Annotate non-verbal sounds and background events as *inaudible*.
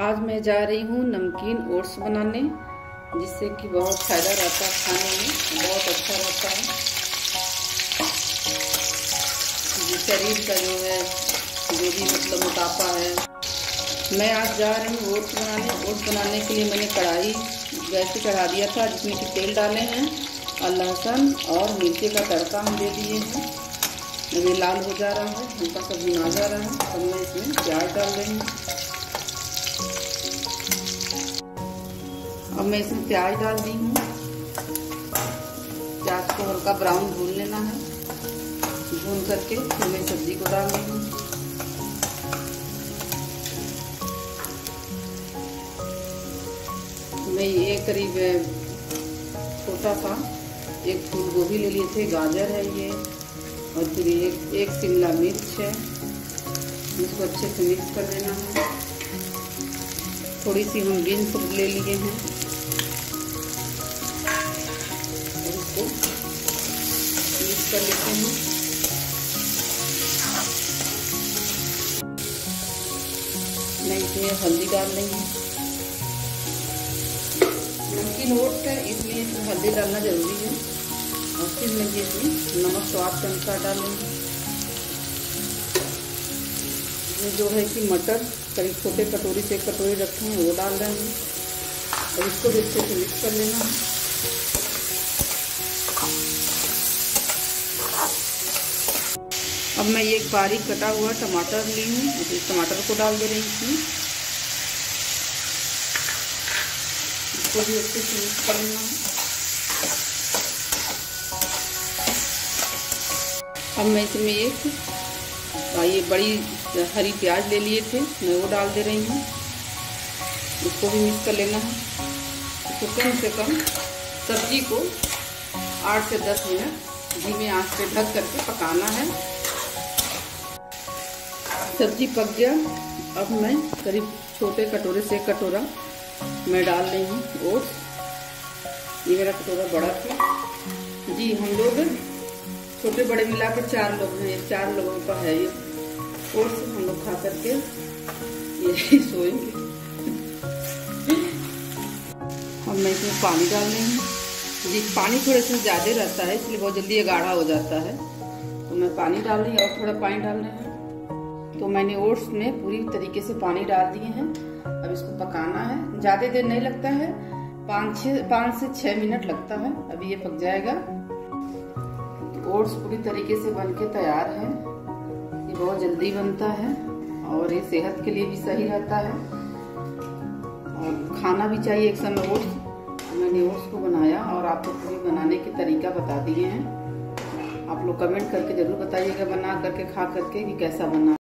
आज मैं जा रही हूँ नमकीन ओट्स बनाने जिससे कि बहुत फ़ायदा रहता है खाने में बहुत अच्छा रहता है शरीर का जो है जो भी मतलब मोटापा है मैं आज जा रही हूँ ओट्स बनाने ओट्स बनाने के लिए मैंने कढ़ाई वैसे पे चढ़ा दिया था जिसमें कि तेल डाले हैं और लहसुन और मिर्ची का तड़का हम दे दिए हैं ये लाल हो जा रहा है हल्का सब्जी भुना जा रहा है तब तो मैं इसमें प्याज डाल रही हूँ अब मैं इसमें प्याज डाल दी हूँ प्याज को हल्का ब्राउन भून लेना है भून करके फिर मैं सब्जी को डाल दी हूँ मैं ये करीब छोटा सा एक फूल गोभी ले लिए थे गाजर है ये और फिर एक एक शिमला मिर्च है इसको अच्छे से मिक्स कर लेना है थोड़ी सी हम बीन्स ले लिए हैं कर लेते हैं मैं इसमें हल्दी डाल रही हूँ नमकीन ओट है इसलिए इसमें हल्दी डालना ज़रूरी है और फिर मैं ये इसमें नमक स्वाद के अनुसार डालूँगी ये जो है कि मटर करीब छोटे कटोरी से कटोरी रखे हैं वो डाल रहे हैं और इसको भी अच्छे से मिक्स कर लेना है अब मैं ये एक बारीक कटा हुआ टमाटर ली हूँ इस टमाटर को डाल दे रही थी इसको भी अच्छे से मिक्स कर लेना अब मैं इसमें एक हाँ, ये बड़ी हरी प्याज ले लिए थे मैं वो डाल दे रही हूँ इसको भी मिक्स कर लेना है इसको कम से कम सब्जी को आठ से दस मिनट धीमे आंच पे ढक करके पकाना है सब्जी पक गया अब मैं करीब छोटे कटोरे से कटोरा मैं डाल रही हूँ ओट्स ये मेरा कटोरा बड़ा था जी हम लोग छोटे बड़े मिला के चार लोग हैं चार लोगों का है ये ओट्स हम लोग खा करके ये *laughs* सोएंगे अब मैं इसमें पानी डाल रही हूँ जी पानी थोड़ा इसमें ज़्यादा रहता है इसलिए बहुत जल्दी ये गाढ़ा हो जाता है तो मैं पानी डाल रही हूँ और थोड़ा पानी डाल रही हूँ तो मैंने ओट्स में पूरी तरीके से पानी डाल दिए हैं अब इसको पकाना है ज़्यादा देर नहीं लगता है पाँच छ पाँच से छह मिनट लगता है अभी ये पक जाएगा तो ओट्स पूरी तरीके से बन के तैयार है ये बहुत जल्दी बनता है और ये सेहत के लिए भी सही रहता है और खाना भी चाहिए एक समय ओट्स तो मैंने ओट्स को बनाया और आपको पूरी बनाने के तरीका बता दिए हैं आप लोग कमेंट करके ज़रूर बताइएगा बना करके खा करके कि कैसा बना